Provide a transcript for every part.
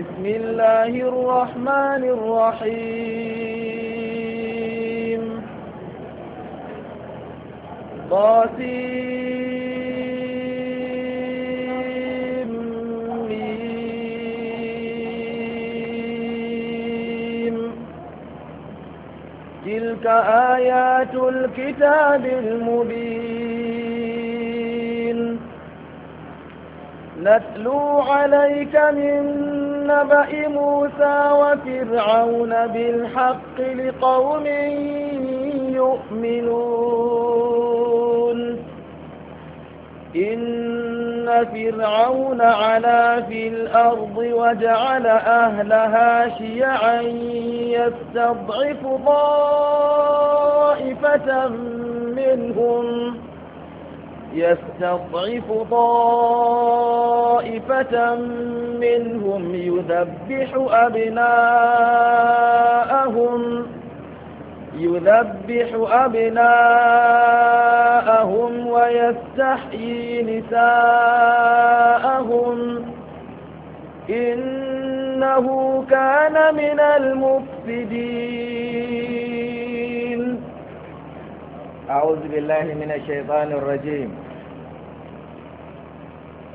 بسم الله الرحمن الرحيم قاسم تلك آيات الكتاب المبين نتلو عليك من نبأ موسى وفرعون بالحق لقوم يؤمنون إن فرعون علا في الأرض وجعل أهلها شيعا يستضعف طائفة منهم يستضعف تضعف طائفة منهم يذبح أبناءهم يذبح أبناءهم ويستحيي نساءهم إنه كان من المفسدين أعوذ بالله من الشيطان الرجيم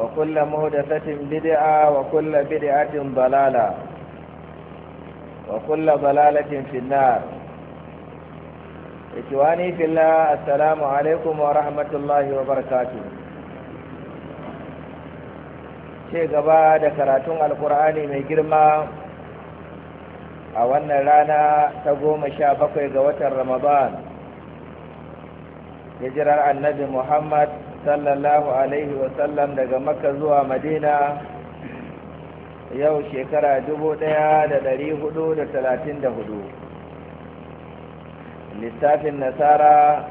وكل مهدثة بدعة وكل بدعة ضلالة وكل ضلالة في النار إخواني في الله السلام عليكم ورحمة الله وبركاته ce gaba da karatun Alƙur'ani mai girma a wannan rana ta goma sha bakwai ga watan ramadan hijirar annabi muhammad sallallahu alaihi wasallam daga makka zuwa madina yau shekara 1434 ɗaya nasara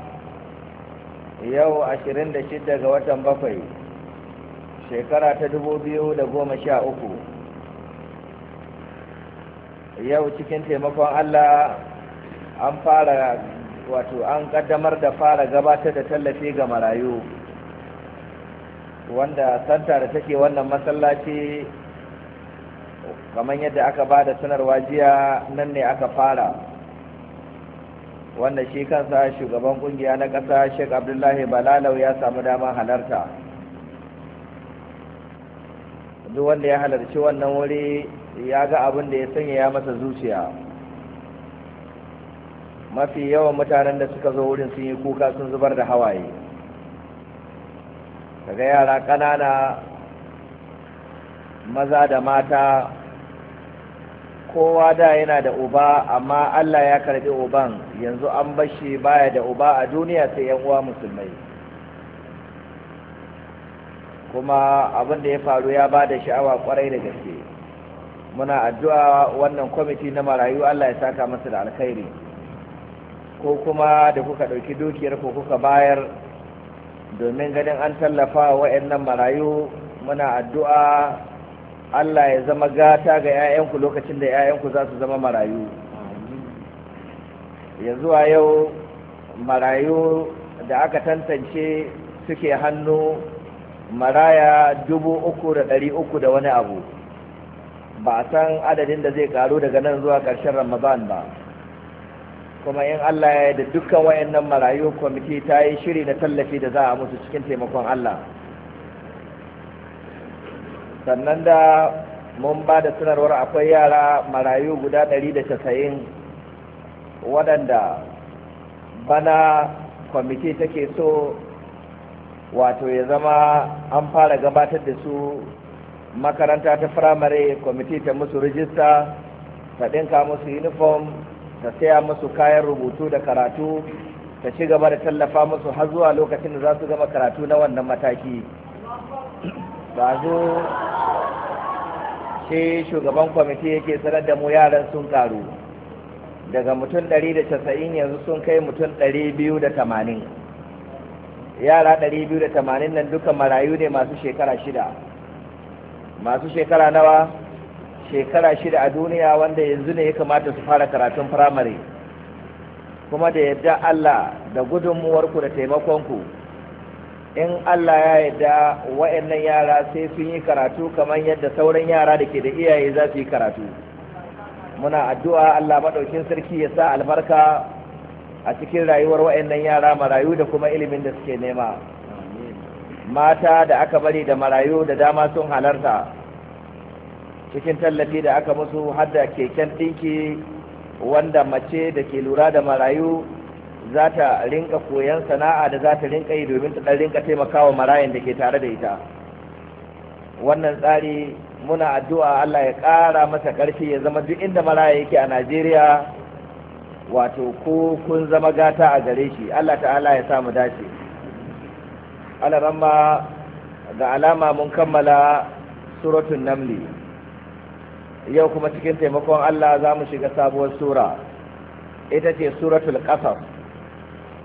yau 26 ga watan bakwai shekara ta 2013 yau cikin taimakon allah an fara wato an kaddamar da fara gabatar da tallafi ga marayu wanda santa da take wannan masallaci kamar yadda aka ba da sanarwa jiya nan ne aka fara wanda shi kansa shugaban kungiya na ƙasa sheik abdullahi balalau ya samu damar halarta duk wanda ya halarci wannan wuri ya ga abin da ya sanya ya masa zuciya mafi yawan mutanen da suka zo wurin sun yi kuka sun zubar da hawaye kaga yara ƙanana maza da mata kowa da yana da uba amma Allah ya karbi uban yanzu an bashi baya da uba a duniya sai yan uwa musulmai kuma abin da ya faru ya ba da sha'awa kwarai da gaske muna addu'a wannan kwamiti na marayu Allah ya saka masa da alkhairi ko kuma da kuka ɗauki dukiyar ko kuka bayar domin ganin an tallafa wa waɗannan marayu muna addu'a Allah ya zama gata ga 'ya'yanku lokacin da 'ya'yanku za su zama marayu ya zuwa yau marayu da aka tantance suke hannu maraya dubu uku da ɗari uku da wani abu ba a san adadin da zai karu daga nan zuwa ƙarshen ramadan ba kuma in Allah ya da dukkan wayannan marayu kwamiti ta yi shiri na tallafi da za a musu cikin taimakon Allah sannan da mun ba da sanarwar akwai yara marayu guda 190 waɗanda bana kwamiti take so wato ya zama an fara gabatar da su makaranta ta firamare kwamiti ta musu rijista ta ɗinka musu uniform ta saya musu kayan rubutu da karatu ta ci gaba da tallafa musu har zuwa lokacin da za su gama karatu na wannan mataki ba zo ce shugaban kwamiti yake sanar da mu yaran sun karu daga mutum 190 yanzu sun kai mutum 280 yara 280 nan duka marayu ne masu shekara shida masu shekara nawa shekara shida a duniya wanda yanzu ne ya kamata su fara karatun firamare kuma da yadda Allah da gudunmuwarku da taimakonku in Allah ya yadda wa'annan yara sai sun yi karatu kamar yadda sauran yara da ke da iyaye za su yi karatu muna addu'a Allah maɗaukin sarki ya sa albarka a cikin rayuwar wa'annan yara marayu da kuma ilimin da suke nema mata da aka bari da marayu da dama sun halarta cikin tallafi da aka musu hadda keken ɗinki wanda mace da ke lura da marayu za ta rinka koyon sana'a da za ta rinka yi domin ta rinka taimakawa marayan da ke tare da ita wannan tsari muna addu'a Allah ya ƙara masa ƙarfi ya zama duk inda maraya yake a Najeriya wato ko kun zama gata a gare shi Allah ta'ala ya mu dace alaramma ga alama mun kammala suratun namli yau kuma cikin taimakon Allah za mu shiga sabuwar sura ita ce suratul qasas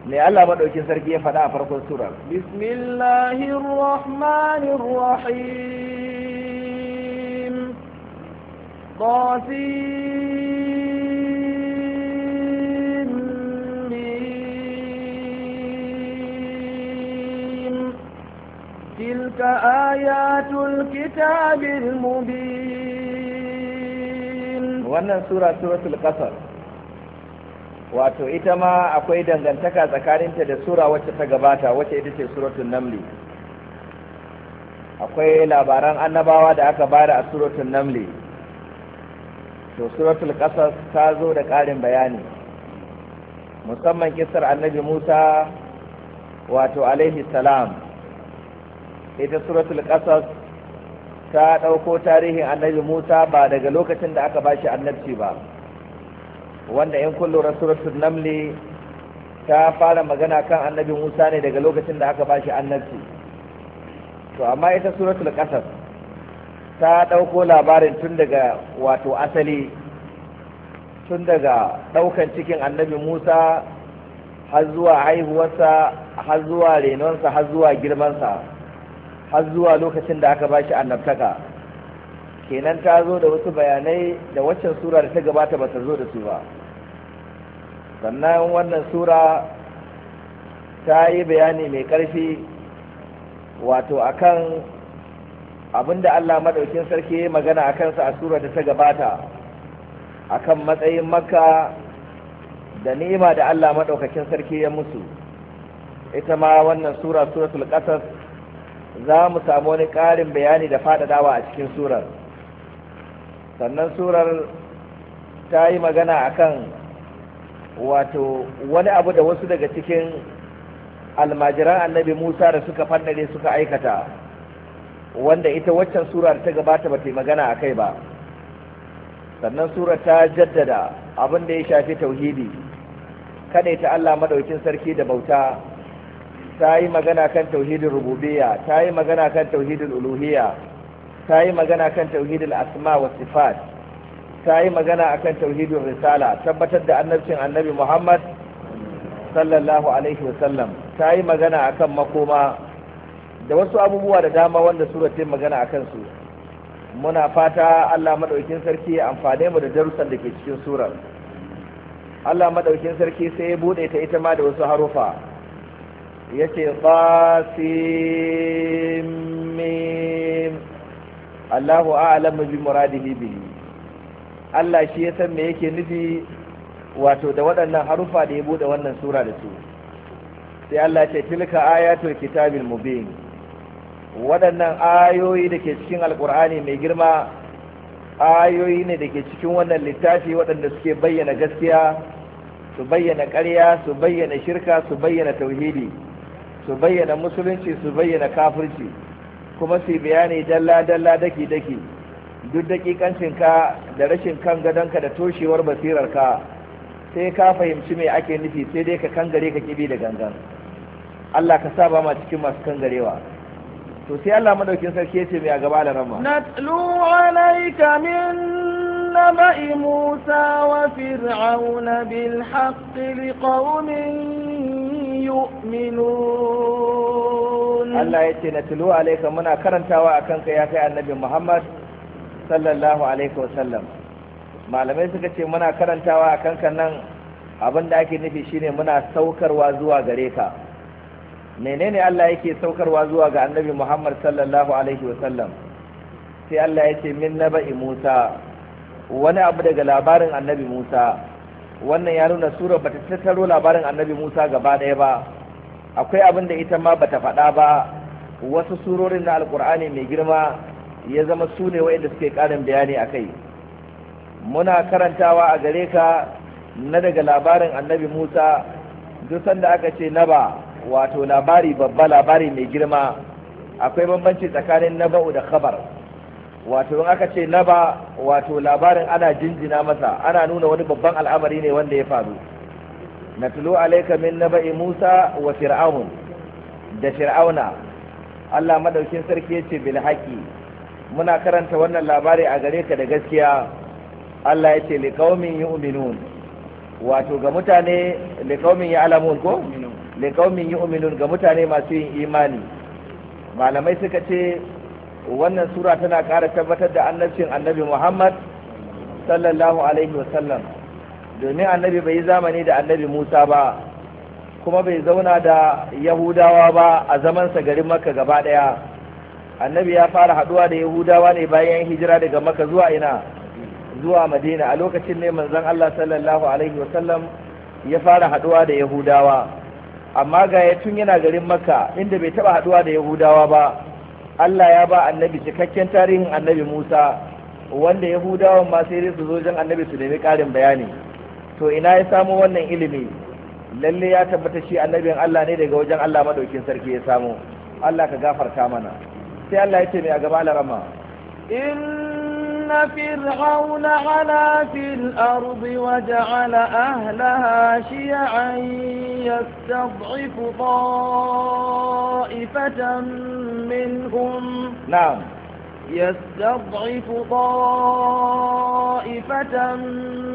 ne Allah madaukin sarki ya faɗa a farkon surar bismillahir rahmanir rahim qasim تلك آيات الكتاب المبين wannan sura suratul qasar wato ita ma akwai dangantaka tsakaninta da sura wacce ta gabata wacce ita ce suratul namli akwai labaran annabawa da aka bada a suratul namli to suratul qasar ta zo da ƙarin bayani musamman kisar annabi Musa wato alaihi salam ita suratul qasas ta ɗauko tarihin annabi musa ba daga lokacin da aka bashi annabci ba wanda in kullum lura namli ta fara magana kan annabi musa ne daga lokacin da aka bashi annabci to amma ita suratul qasas ta ɗauko labarin tun daga wato asali tun daga ɗaukan cikin annabi musa har zuwa haihuwarsa har zuwa renonsa har zuwa girmansa har zuwa lokacin da aka bashi annabtaka kenan ta zo da wasu bayanai da waccan sura da ta gabata ba ta zo da su ba sannan wannan sura ta yi bayani mai ƙarfi wato akan abinda Allah maɗaukin sarki ya magana a kansa a sura da ta gabata akan matsayin makka da ni'ima da Allah maɗaukakin sarki ya musu ita ma wannan sura suratul qasas za mu samu wani ƙarin bayani da faɗaɗawa a cikin surar sannan surar ta yi magana akan wato wani abu da wasu daga cikin almajiran annabi musa da suka fannare suka aikata wanda ita waccan surar ta gabata ba ta yi magana a kai ba sannan surar ta jaddada abin da ya shafi tauhidi kada ta allah madaukin sarki da bauta ta yi magana kan tauhidin rububiyya ta yi magana kan tauhidin uluhiyya ta yi magana kan tauhidin asma wa sifat ta yi magana akan tauhidin risala tabbatar da annabcin annabi muhammad sallallahu alaihi wasallam ta yi magana akan makoma da wasu abubuwa da dama wanda sura ta magana akan su muna fata allah maɗaukin sarki ya amfane mu da darussan da ke cikin surar allah maɗaukin sarki sai ya buɗe ta ita ma da wasu harufa yace qasim mim Allahu a'lamu bi muradihi bihi Allah shi ya san me yake nufi wato da waɗannan harufa da ya bude wannan sura da su sai Allah ce tilka ayatul kitabil mubin waɗannan ayoyi da ke cikin alkur'ani mai girma ayoyi ne da ke cikin wannan littafi waɗanda suke bayyana gaskiya su bayyana ƙarya su bayyana shirka su bayyana tauhidi su bayyana musulunci su bayyana kafirci kuma su bayani dalla dalla daki daki duk ka da rashin kan gadonka da toshewar basirarka sai ka fahimci me ake nufi sai dai ka kangare ka kibi da gangan Allah ka saba ma cikin masu kangarewa to sai Allah madaukin sarki yace mai a gaba da rama natlu alayka min wa fir'auna bil بالحق liqaumin Allah ya ce na tulu عليك muna karantawa أكنك يا ya kai annabi Muhammad sallallahu alaihi wasallam malamai suka ce muna karantawa a kanka nan abin da ake nufi shine muna saukarwa zuwa gare ka menene Allah yake saukarwa zuwa ga annabi Muhammad sallallahu alaihi wasallam sai Allah ya ce min naba'i Musa wani abu daga labarin annabi Musa wannan ya nuna surar bata tattaro labarin annabi Musa gaba ɗaya ba akwai abin da ita ma bata faɗa ba wasu surorin na alkur'ani mai girma ya zama sune ne waɗanda suke ƙarin bayani a kai muna karantawa a gare ka na daga labarin annabi Musa duk sanda aka ce naba wato labari babba labari mai girma akwai bambanci tsakanin naba'u da khabar wato in aka ce na ba wato labarin ana jinjina masa ana nuna wani babban al'amari ne wanda ya faru na tulo alaika min na ba'i musa wa fir'aun da fir'auna allah madaukin sarki ya ce bil haƙi muna karanta wannan labari a gare ka da gaskiya allah ya ce liƙaumin uminun wato ga mutane liƙaumin yi alamun ko liƙaumin uminun ga mutane masu yin imani malamai suka ce wannan sura tana ƙara tabbatar da annabcin annabi muhammad sallallahu alaihi wasallam domin annabi bai yi zamani da annabi musa ba kuma bai zauna da yahudawa ba a zamansa garin makka gaba ɗaya annabi ya fara haɗuwa da yahudawa ne bayan hijira daga makka zuwa ina zuwa madina a lokacin ne manzon allah sallallahu alaihi wasallam ya fara haɗuwa da yahudawa amma ga ya tun yana garin makka inda bai taɓa haɗuwa da yahudawa ba Allah ya ba annabi cikakken tarihin annabi Musa wanda ya Yahudawan ma sai su zo jan annabi su nemi ƙarin bayani to ina ya samu wannan ilimi lalle ya tabbata shi annabin Allah ne daga wajen Allah madaukin sarki ya samu Allah ka gafarta mana sai Allah ya ce mai a gaba larama in إن فرعون علا في الأرض وجعل أهلها شيعا يستضعف طائفة منهم نعم يستضعف طائفة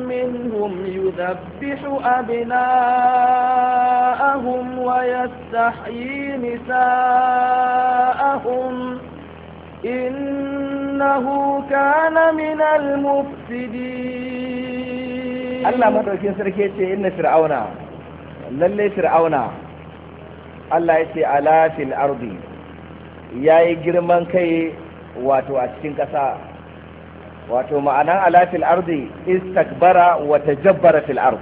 منهم يذبح أبناءهم ويستحيي نساءهم إن إنه كان من المفسدين الله مدوكين سركيتي إن فرعون للي فرعون الله يتي على في الأرض يا جرمان كي واتو أتشين كسا واتو معنى على في الأرض استكبر وتجبر في الأرض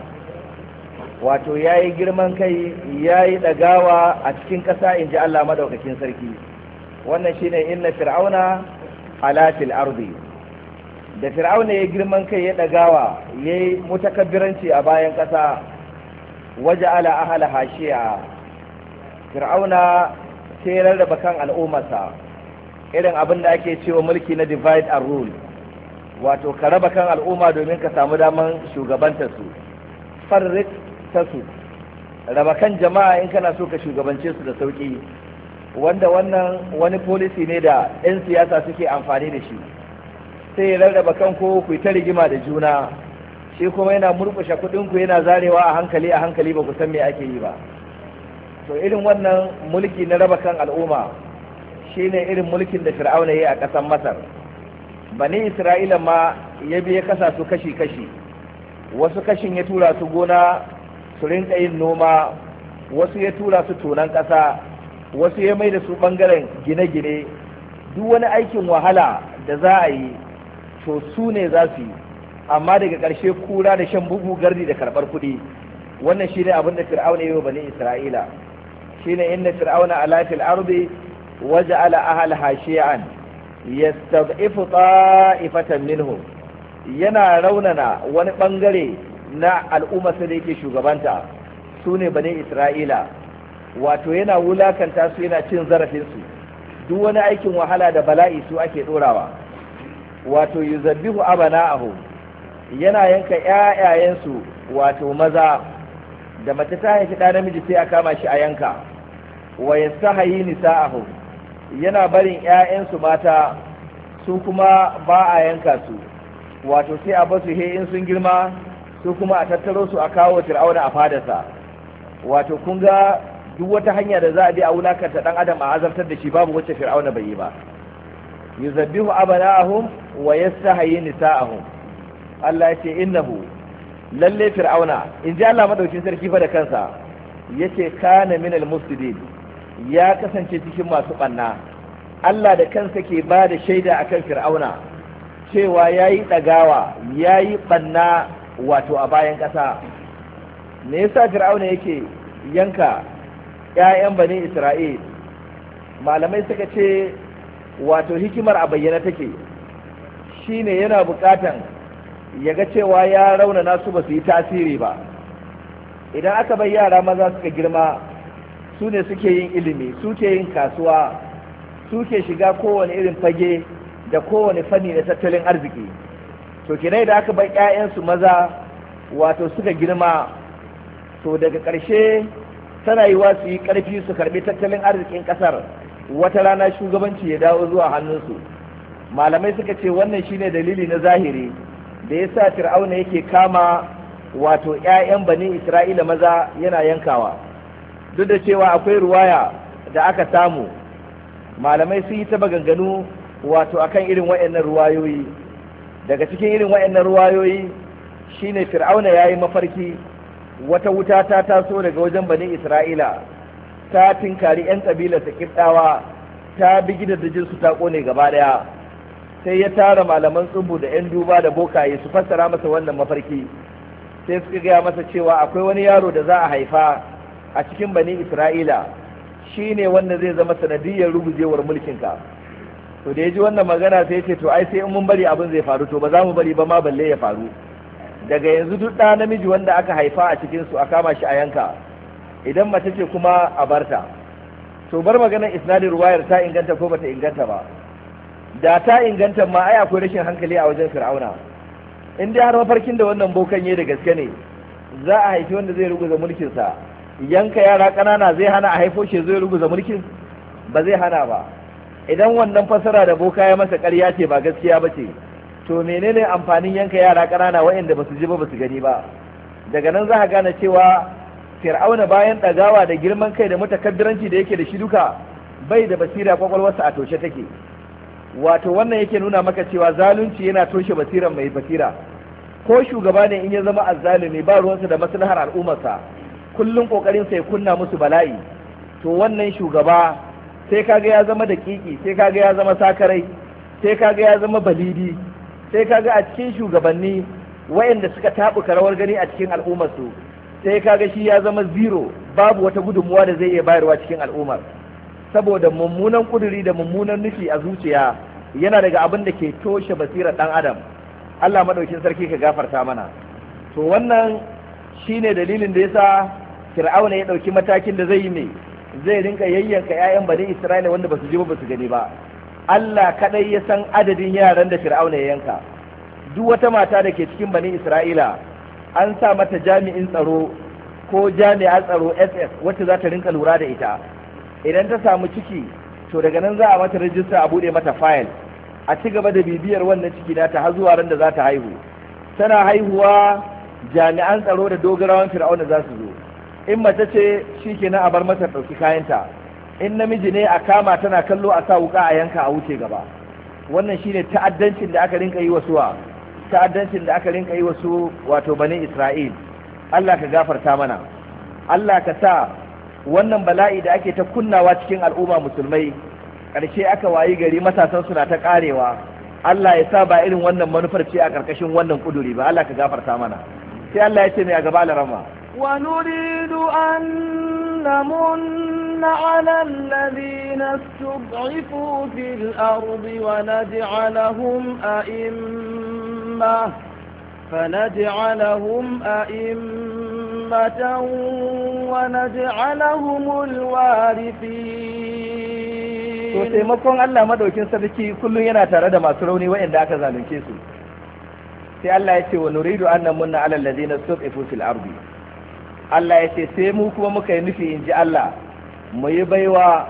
wato ya yi girman kai ya yi ɗagawa a cikin ƙasa in ji Allah maɗaukakin sarki wannan shine inna fir'auna alatil ardi da fir'auna ya girman kai ya dagawa yayi mutakabbiranci a bayan ƙasa waje ala ahala hashiya fir'auna sai ya raba kan al'ummarsa irin abin da ake cewa mulki na divide and rule wato ka raba kan al'umma domin ka samu daman shugabantar su farrik ta su raba kan jama'a in kana so ka shugabance su da sauƙi. wanda wannan wani policy ne da 'yan siyasa suke amfani da shi sai rarraba kanku ku ta rigima da juna shi kuma yana murkushe ku yana zarewa a hankali a hankali ba ku san me ake yi ba to irin wannan mulki na raba kan al'umma shi ne irin mulkin da fir'auna ya yi a ƙasar masar bani isra'ila ma ya biya kasa su kashi-kashi wasu kashin ya tura su gona su rinka yin noma wasu ya tura su tonan ƙasa wasu ya mai da su bangaren gine-gine duk wani aikin wahala da za a yi to su ne za su yi amma daga ƙarshe kura da shan bugu gardi da karɓar kuɗi wannan shi ne abin da fir'auna yi wa bani isra'ila Shi ne inna fir'auna ala fil ardi waja'ala ahlaha shi'an yastad'ifu ta'ifatan yana raunana wani bangare na al'umma da yake shugabanta su ne bani isra'ila wato yana wulakanta su yana cin zarafinsu duk wani aikin wahala da bala'i su ake ɗorawa wato a abana'ahu yana yanka ƴaƴayensu wato maza da mace ta haifi ɗa namiji sai a kama shi a yanka wa yastahayi nisa'ahu yana barin ƴaƴansu mata su kuma ba a yanka su wato sai a basu he in sun girma su kuma a tattaro su a kawo fir'auna a fadarsa wato kun ga duk wata hanya da za a bi a wulakanta dan adam a azartar da shi babu wacce fir'auna bai yi ba yuzabbihu abana'ahum wa yastahyi nisa'ahum Allah yace innahu lalle fir'auna in ji Allah madaukin sarki fa da kansa yace kana minal mufsidin ya kasance cikin masu banna Allah da kansa ke ba da shaida akan fir'auna cewa yayi dagawa yayi banna wato a bayan kasa me yasa fir'auna yake yanka 'ya'yan bani isra'il malamai suka ce wato hikimar a bayyana take shine yana bukatan ya ga cewa ya raunana su ba su yi tasiri ba idan aka bai yara maza suka girma su ne suke yin ilimi suke yin kasuwa suke shiga kowane irin fage da kowane fanni na tattalin arziki to kinai da aka bai 'ya'yansu maza wato suka girma to daga ƙarshe tana wa su yi karfi su karɓi tattalin arzikin ƙasar, wata rana shugabanci ya dawo zuwa hannunsu malamai suka ce wannan shine dalili na zahiri da yasa fir'auna yake kama wato 'ya'yan bani isra'ila maza yana yankawa duk da cewa akwai ruwaya da aka samu malamai sun yi ta maganganu wato akan irin waɗannan ruwayoyi daga cikin irin wayannan ruwayoyi shine fir'auna ya yi mafarki wata wuta ta taso daga wajen bani isra'ila ta tinkari 'yan ƙabilar ta kiddawa ta bi da jinsu ta kone gaba ɗaya sai ya tara malaman tsubu da 'yan duba da bokaye su fassara masa wannan mafarki sai suka gaya masa cewa akwai wani yaro da za a haifa a cikin bani isra'ila shi ne wanda zai zama sanadiyar rugujewar mulkinka to da yaji wannan magana sai ya ce to ai sai in mun bari abin zai faru to ba za mu bari ba ma balle ya faru daga yanzu duk ɗa namiji wanda aka haifa a cikinsu a kama shi a yanka idan mace ce kuma a barta to bar maganar isnadin ruwayar ta inganta ko bata inganta ba da ta inganta ma ai akwai rashin hankali a wajen fir'auna in dai har mafarkin da wannan bokan ya da gaske ne za a haifi wanda zai ruguza sa, yanka yara ƙanana zai hana a haifo shi zai ruguza mulkin ba zai hana ba idan wannan fasara da boka ya masa ƙarya ce ba gaskiya ba ce to menene amfanin yanka yara ƙanana waɗanda ba su ji ba ba su gani ba daga nan za ka gane cewa fir'auna bayan ɗagawa da girman kai da mutakaddiranci da yake da shi duka bai da basira kwakwalwarsa a toshe take wato wannan yake nuna maka cewa zalunci yana toshe basiran mai basira ko shugaba ne in ya zama azzalumi ba ruwansa da maslahar al'ummarsa kullum kokarin sai kunna musu bala'i to wannan shugaba sai kaga ya zama daƙiƙi sai kaga ya zama sakarai sai kaga ya zama balidi sai kaga a cikin shugabanni wayanda suka tabuka rawar gani a cikin al'ummar su sai kaga shi ya zama zero babu wata gudunmuwa da zai iya bayarwa cikin al'ummar saboda mummunan kuduri da mummunan nufi a zuciya yana daga abin da ke toshe basirar dan adam Allah madaukin sarki ka gafarta mana to wannan shine dalilin da yasa Fir'auna ya dauki matakin da zai yi mai zai rinka yayyanka 'ya'yan bani Isra'ila wanda basu je ba basu gani ba Allah kaɗai ya san adadin yaran da fir'auna ya yanka duk wata mata da ke cikin bani isra'ila an sa mata jami'in tsaro ko jami'ar tsaro ss wacce za ta rinka lura da ita idan ta samu ciki to daga nan za a mata rijista a bude mata fayil a ci gaba da bibiyar wannan ciki na ta zuwa ran da za ta haihu tana haihuwa jami'an tsaro da dogarawan fir'auna za su zo in mace ce shi shikenan a bar mata ɗauki kayanta in namiji ne a kama tana kallo a sa wuka a yanka a wuce gaba wannan shine ta'addancin da aka rinka yi wa suwa ta'addancin da aka rinka yi wa su wato bani Isra'il Allah ka gafarta mana Allah ka sa wannan bala'i da ake ta kunnawa cikin al'umma musulmai ƙarshe aka wayi gari matasan suna ta ƙarewa. Allah ya sa ba irin wannan manufar ce a ƙarƙashin wannan kuduri ba Allah ka gafarta mana sai Allah ya ce mai a gaba alarama. ونريد أن نمن على الذين استضعفوا في الأرض ونجعلهم أئمة فنجعلهم أئمة ونجعلهم الوارثين to taimakon Allah madaukin sarki kullum yana tare da masu rauni waɗanda aka zalunce su sai Allah ya ce wa nuridu annan munna alal ladina suqifu fil ardi Allah ya ce sai mu kuma muka yi nufi in ji Allah mu yi baiwa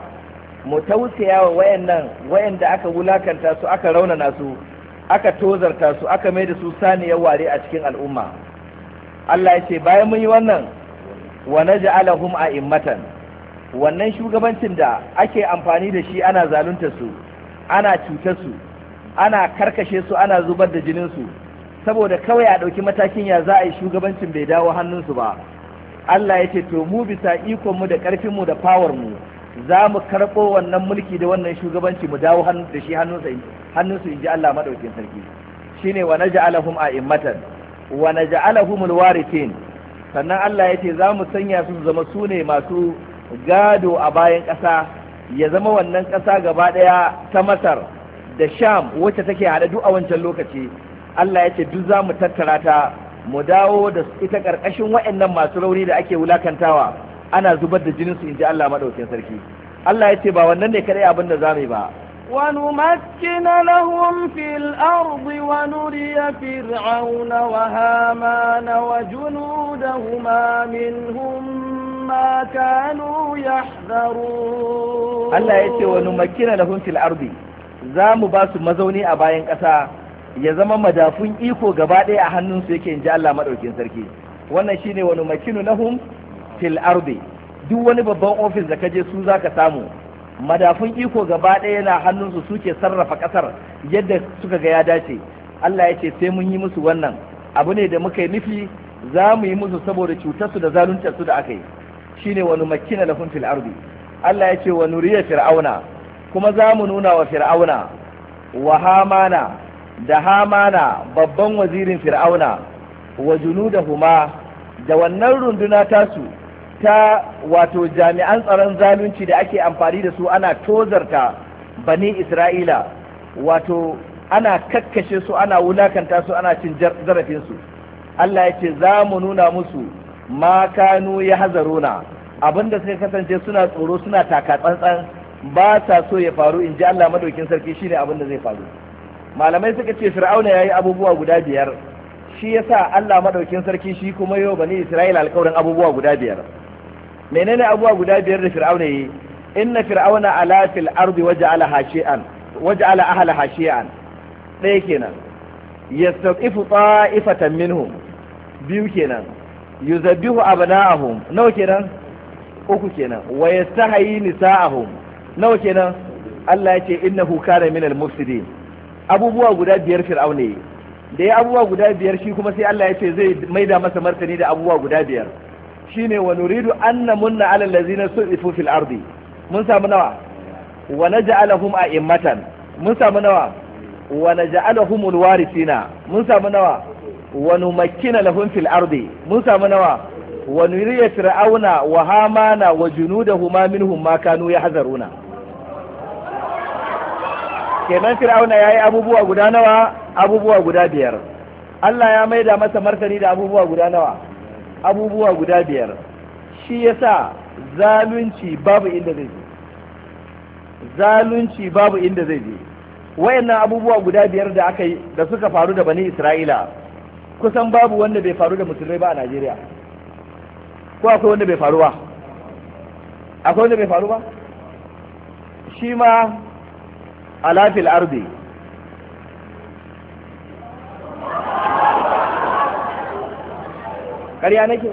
mu tausaya wa wayannan wayanda aka wulakanta su aka raunana su aka tozarta su aka mai da su saniyar ware a cikin al'umma Allah ya ce bayan mun yi wannan wa naj'alahum a'immatan wannan shugabancin da ake amfani da shi ana zalunta su ana cuta su ana karkashe su ana zubar da jinin su saboda kawai a ɗauki matakin ya za a yi shugabancin bai dawo hannunsu ba Allah ya ce to mu bisa ikon mu da karfin mu da power mu za mu karɓo wannan mulki da wannan shugabanci mu dawo hannu da shi hannunsa su inji Allah madaukin sarki shine wa naj'alahum a'immatan wa naj'alahum alwarithin sannan Allah ya ce za mu sanya su zama sune masu gado a bayan ƙasa ya zama wannan ƙasa gaba ɗaya ta Masar da Sham wacce take hada duk a wancan lokaci Allah ya ce duk za mu tattara ta mu dawo da ita karkashin waɗannan masu rauni da ake wulakantawa ana zubar da jininsu su inji Allah madaukakin sarki Allah ya ce ba wannan ne kadai abin da mu yi ba ونمكن لهم في الأرض ونري فرعون وهامان وجنودهما منهم ما كانوا يحذرون الله يتي ونمكن لهم في الأرض زام باس مزوني أباين كسا ya zama madafun iko gaba ɗaya a hannunsu yake in ji Allah maɗaukin sarki wannan shine wani makinu nahum fil ardi duk wani babban ofis da ka je su zaka samu madafun iko gaba ɗaya yana hannunsu suke sarrafa ƙasar yadda suka ga ya dace Allah ya ce sai mun yi musu wannan abu ne da muka yi nufi za mu yi musu saboda cutarsu da zaluntarsu da aka yi shine wani makina lahum fil ardi Allah ya ce wa nuriya fir'auna kuma za mu nuna wa fir'auna wa hamana da hamana babban wazirin fir'auna wa junudahuma da wannan runduna tasu ta wato jami'an tsaron zalunci da ake amfani da su ana tozarta bani isra'ila wato ana kakkashe su ana wulakanta su ana cin zarafin su allah ya ce za mu nuna musu ma kanu ya hazarona abinda suka kasance suna tsoro suna taka tsantsan ba sa so ya faru in ji allah madaukin sarki shine abin da zai faru malamai suka ce fir'auna ya yi abubuwa guda biyar shi ya sa Allah maɗaukin sarki shi kuma yau bani Isra'ila alƙawarin abubuwa guda biyar menene abubuwa guda biyar da fir'auna yi inna fir'auna ala fil ardi waja'ala hashi'an waja'ala ahlaha shi'an ɗaya kenan yastaqifu ta'ifatan minhum biyu kenan yuzabbihu abna'ahum nawa kenan uku kenan wa yastahayi nisa'ahum nawa kenan Allah ya ce innahu kana minal mufsidin abubuwa guda biyar fir'auna yi da ya abubuwa guda biyar shi kuma sai Allah ya ce zai maida masa martani da abubuwa guda biyar shine wa nuridu anna munna ala allazina su'ifu fil ardi mun samu nawa wa naj'alahum a'immatan mun samu nawa wa naj'alahum alwarithina mun samu nawa wa numakkina lahum fil ardi mun samu nawa wa nuriya fir'auna wa hamana wa junudahuma minhum ma kanu yahzaruna kenan fir'auna ya yi abubuwa guda nawa abubuwa guda biyar Allah ya maida masa martani da abubuwa guda nawa abubuwa guda biyar shi yasa zalunci babu inda zai je zalunci babu inda zai je wayannan abubuwa guda biyar da aka yi da suka faru da bani Isra'ila kusan babu wanda bai faru da musulmai ba a Najeriya ko akwai wanda bai faru ba akwai wanda bai faru ba shi ma ala fil ardi ƙarya nake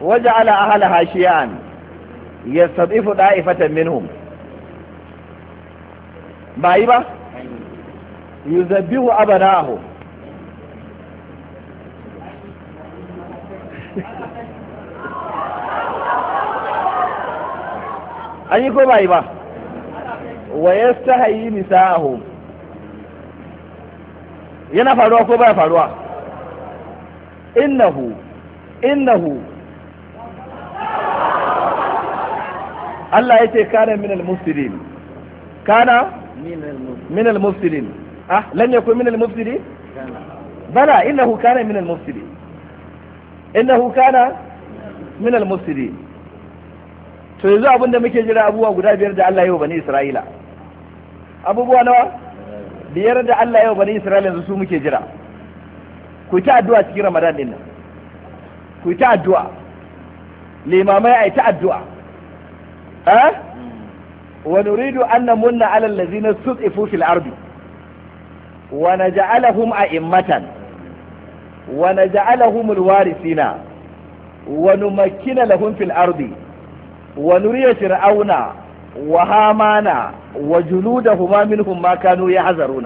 waje ala ahala hashiyan ya sabifu da'ifatan minhum ba yi ba yuzabbihu abanahu an yi ko ba yi ba wa yastahayi nisa'ahum yana faruwa ko baya faruwa innahu innahu Allah ya ce kana min al-mufsidin kana min al-mufsidin ah lam yakun min al-mufsidin bala innahu kana min to yanzu muke jira abubuwa guda biyar da Allah ya yi wa bani Isra'ila abubuwa nawa biyar da Allah yau bani Isra'ila yanzu su muke jira ku ta addu'a cikin Ramadan din nan ku ta addu'a limamai ai ta addu'a eh wa nuridu an namunna ala allazina sud'ifu fil ardi wa naj'alahum a'immatan wa naj'alahum alwarithina wa numakkina lahum fil ardi wa nuriya fir'auna wa hamana wa junudahuma minhum ma kanu yanzu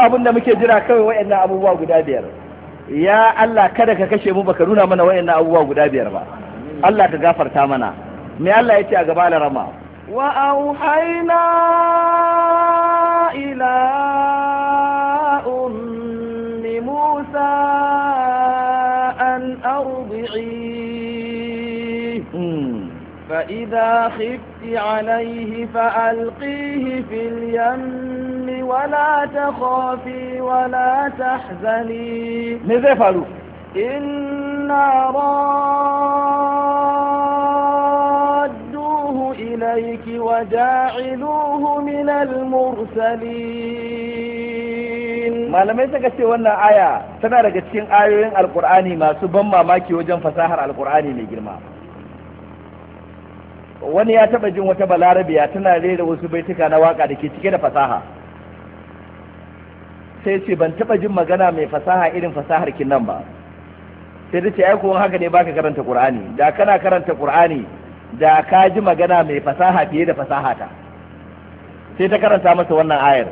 abin da muke jira kawai wayannan abubuwa guda biyar ya Allah kada ka kashe mu baka nuna mana wayannan abubuwa guda biyar ba Allah ka gafarta mana me Allah yace a gaba da rama wa auhayna ila ummi Musa an فإذا خفت عليه فألقيه في اليم ولا تخافي ولا تحزني ماذا فعلوا إنا رادوه إليك وجاعلوه من المرسلين malamai suka ce wannan aya tana daga cikin ayoyin alkur'ani masu ban mamaki wajen fasahar alkur'ani mai girma wani ya taba jin wata balarabiya tana rera wasu baituka na waka da ke cike da fasaha sai ce ban taba jin magana mai fasaha irin fasahar kin nan ba sai ta ai kuwan haka ne baka karanta qur'ani da kana karanta qur'ani da ka ji magana mai fasaha fiye da fasaha ta sai ta karanta masa wannan ayar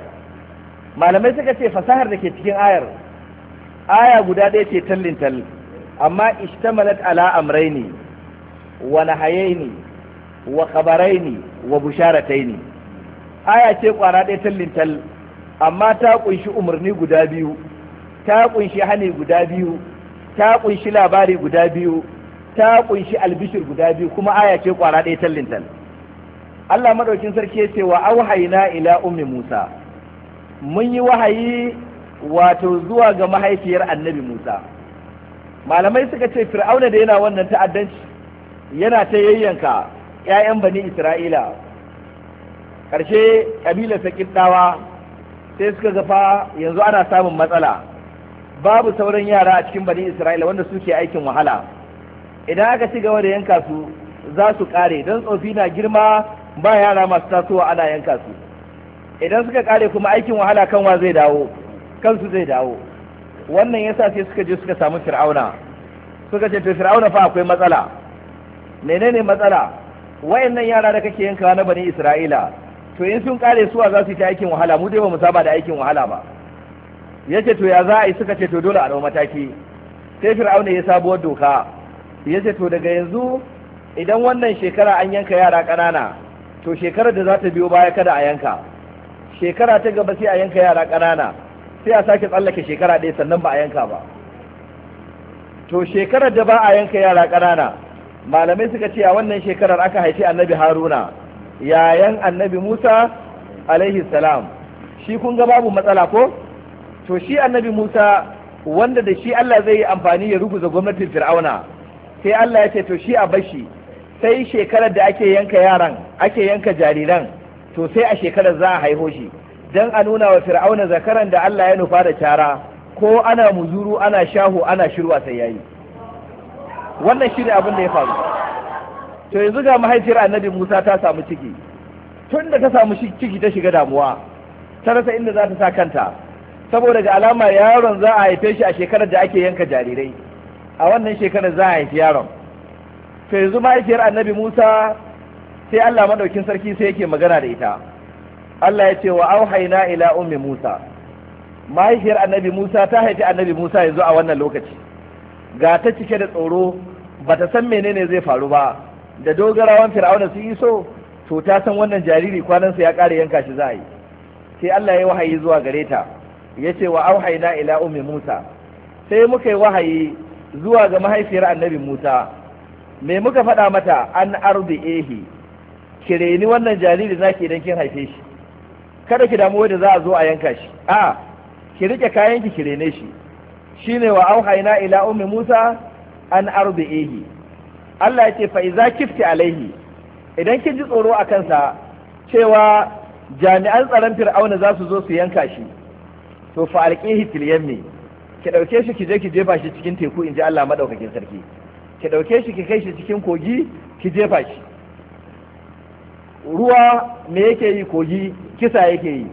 malamai suka ce fasahar da ke cikin ayar aya guda ɗaya ce tallin tal amma ishtamalat ala amraini wa nahayaini wa ne wa ne aya ce kwara ɗaya tallintal amma ta kunshi umarni guda biyu ta kunshi hani guda biyu ta kunshi labari guda biyu ta kunshi albishir guda biyu kuma aya ce kwara ɗaya tallintal Allah madaukin sarki ya ce wa auhayna ila ummi Musa mun yi wahayi wato zuwa ga mahaifiyar annabi Musa malamai suka ce fir'auna da yana wannan ta'addanci yana ta yayyanka 'ya'yan bani isra'ila ƙarshe ƙabilar saƙiɗawa sai suka zafa yanzu ana samun matsala babu sauran yara a cikin bani isra'ila wanda suke aikin wahala idan aka ci gaba da yanka su za su ƙare don tsofi na girma ba yara masu tasowa ana yanka su idan suka ƙare kuma aikin wahala kanwa zai dawo kansu zai dawo wannan yasa sai suka je suka samu fir'auna suka ce to fir'auna fa akwai matsala menene matsala wayannan yara da kake yanka na bani isra'ila to in sun kare suwa za su yi ta aikin wahala mu dai ba mu saba da aikin wahala ba yace to ya za a yi suka ce to dole a dau mataki sai fir'auna ya sabuwar doka yace to daga yanzu idan wannan shekara an yanka yara ƙanana to shekarar da za ta biyo baya kada a yanka shekara ta gaba sai a yanka yara ƙanana sai a sake tsallake shekara ɗaya sannan ba a yanka ba to shekarar da ba a yanka yara ƙanana malamai suka ce a wannan shekarar aka haifi annabi haruna yayan annabi musa alaihi salam shi kun ga babu matsala ko to shi annabi musa wanda da shi allah zai yi amfani ya ruguza gwamnatin fir'auna sai allah ya ce to shi a bashi sai shekarar da ake yanka yaran ake yanka jariran to sai a shekarar za a haiho shi don a nuna wa fir'auna zakaran da allah ya nufa da cara ko ana muzuru ana shahu ana shirwa sai yayi wannan shi ne abin da ya faru to yanzu ga mahaifiyar annabi musa ta samu ciki tun da ta samu ciki ta shiga damuwa ta rasa inda za ta sa kanta saboda ga alama yaron za a haife shi a shekarar da ake yanka jarirai a wannan shekarar za a haifi yaron to yanzu mahaifiyar annabi musa sai allah madaukin sarki sai yake magana da ita allah ya ce wa auhaina ila ummi musa mahaifiyar annabi musa ta haifi annabi musa yanzu a wannan lokaci ga ta cike da tsoro ba ta san menene zai faru ba da dogarawan fir'auna sun iso to ta san wannan jariri kwanansa ya ƙara yanka shi za a yi sai Allah ya wahayi zuwa gare ta ya ce wa auhaina ila ummi Musa sai muka yi wahayi zuwa ga mahaifiyar annabi Musa me muka faɗa mata an ardi ehi kire ni wannan jariri naki idan kin haife shi kada ki damu wanda za a zo a yanka shi a ki rike kayan ki ki shi Shi ne wa ina ila ummi Musa an arbi ehi Allah ya ce fa'iza iza kifti alaihi idan kin ji tsoro a kansa cewa jami'an tsaron fir'auna za su zo su yanka shi to fa alqihi fil yammi ki dauke shi ki je ki jefa shi cikin teku in ji Allah maɗaukakin sarki ki ɗauke shi ki kai shi cikin kogi ki jefa shi ruwa me yake yi kogi kisa yake yi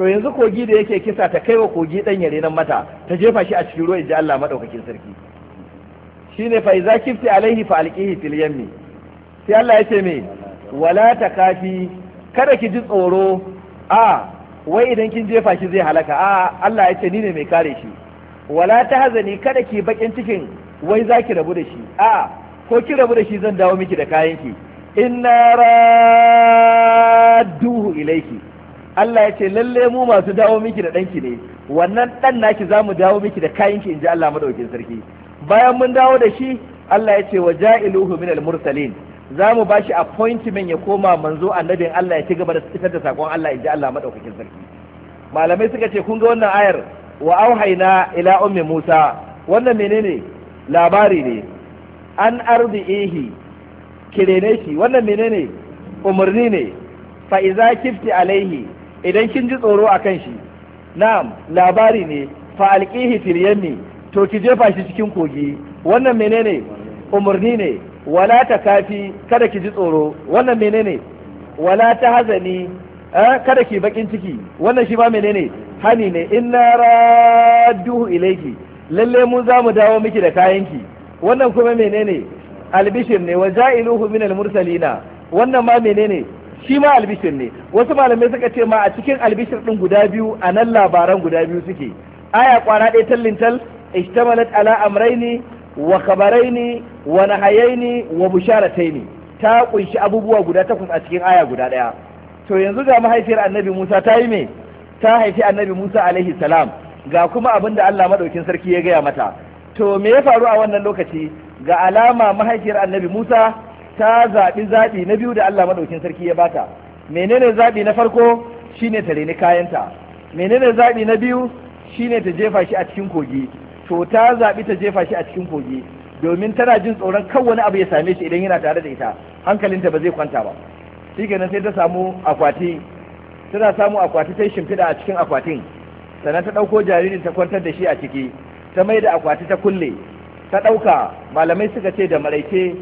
to yanzu kogi da yake kisa ta kaiwa kogi dan yare nan mata ta jefa shi a cikin ruwa ji Allah madaukakin sarki shine fa iza kifti alaihi fa alqihi fil yammi sai Allah yace me wala takafi kada ki ji tsoro a wai idan kin jefa shi zai halaka a Allah yace ni ne mai kare shi wala tahzani kada ki bakin cikin wai zaki rabu da shi a ko ki rabu da shi zan dawo miki da kayan ki inna radduhu ilayki Allah ya ce lalle mu masu dawo miki da ɗanki ne wannan ɗan naki zamu mu dawo miki da kayanki in ji Allah madaukin sarki bayan mun dawo da shi Allah ya ce wa ja'iluhu min al-mursalin za mu ba shi appointment ya koma manzo annabin Allah ya ci gaba da isar da sakon Allah in ji Allah maɗaukakin sarki malamai suka ce kun ga wannan ayar wa auhayna ila ummi Musa wannan menene labari ne an ardihi kirene shi wannan menene umarni ne fa iza kifti alaihi idan kin ji tsoro a kan shi na'am labari ne fa alqihi fil to ki jefa shi cikin kogi wannan menene umarni ne wala ta kafi kada ki ji tsoro wannan menene wala ta hazani eh, kada ki bakin ciki wannan shi ba menene hani ne inna radduhu ilayki lalle mun za mu dawo miki da kayanki wannan kuma menene albishir ne wa ja'iluhu min mursalina wannan ma menene shi ma albishir ne wasu malamai suka ce ma a cikin albishir din guda biyu a nan labaran guda biyu suke aya kwana ɗaya tallintal ishtamalat ala amraini wa khabaraini wa nahayaini wa busharataini ta kunshi abubuwa guda takwas a cikin aya guda ɗaya to yanzu ga mahaifiyar annabi Musa ta yi me ta haifi annabi Musa alaihi salam ga kuma abin da Allah maɗaukin sarki ya gaya mata to me ya faru a wannan lokaci ga alama mahaifiyar annabi Musa ta zaɓi zaɓi na biyu da Allah maɗaukin sarki ya bata menene zaɓi na farko shine ta reni kayanta menene zaɓi na biyu shine ta jefa shi a cikin kogi to ta zaɓi ta jefa shi a cikin kogi domin tana jin tsoron kan wani abu ya same shi idan yana tare da ita hankalinta ba zai kwanta ba shi kenan sai ta samu akwati tana samu akwati ta shimfiɗa a cikin akwatin sannan ta ɗauko jaririn ta kwantar da shi a ciki ta mai da akwati ta kulle ta ɗauka malamai suka ce da maraice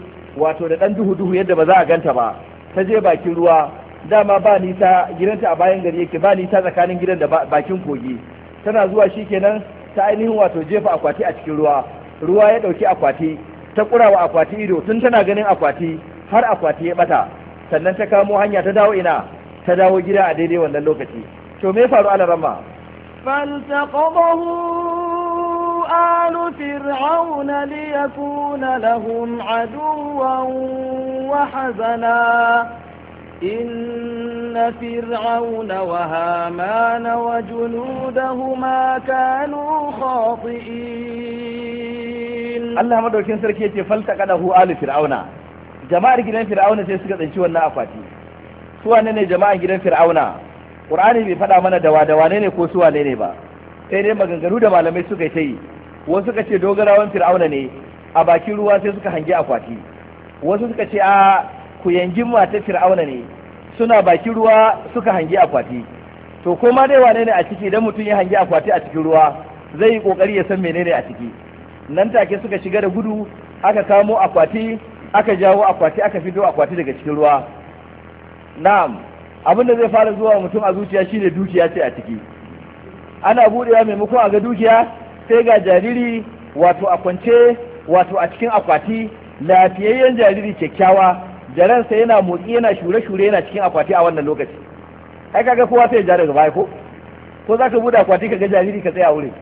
wato da ɗan duhu duhu yadda ba za a ganta ba ta je bakin ruwa dama ba nisa gidanta a bayan gari yake ba nisa tsakanin gidan da bakin kogi tana zuwa shi kenan ta ainihin wato jefa akwati a cikin ruwa ruwa ya ɗauki akwati ta kurawa akwati ido tun tana ganin akwati har akwati ya ɓata, sannan ta kamo hanya ta dawo ina ta dawo gida a daidai wannan lokaci to me faru alarama آل فرعون ليكون لهم عدوا وحزنا إن فرعون وهامان وجنودهما كانوا خاطئين الله مدوكين سركي يتي فالتقنه آل فرعون جماعة gidan فرعون سيسكت suka tsinci wannan akwati su wane ne jama'ar gidan fir'auna qur'ani bai faɗa mana dawa dawa ne ne ko su wane ne ba sai dai maganganu da malamai suka yi ta yi wasu suka ce dogarawan fir'auna ne a bakin ruwa sai suka hangi akwati wasu suka ce a ku yangi matar fir'auna ne suna bakin ruwa suka hangi akwati to ko ma dai wane ne a ciki idan mutum ya hangi akwati a cikin ruwa zai yi kokari ya san menene a ciki nan take suka shiga da gudu aka kamo akwati aka jawo akwati aka fito akwati daga cikin ruwa na'am abin da zai fara zuwa mutum a zuciya shine dukiya ce a ciki ana buɗewa maimakon a ga dukiya sai ga jariri wato a kwance wato a cikin akwati lafiyayyen jariri kyakkyawa da yana motsi yana shure-shure yana cikin akwati a wannan lokaci ai kaga kowa sai ja daga baya ko ko za ka buɗe akwati ka ga jariri ka tsaya wurin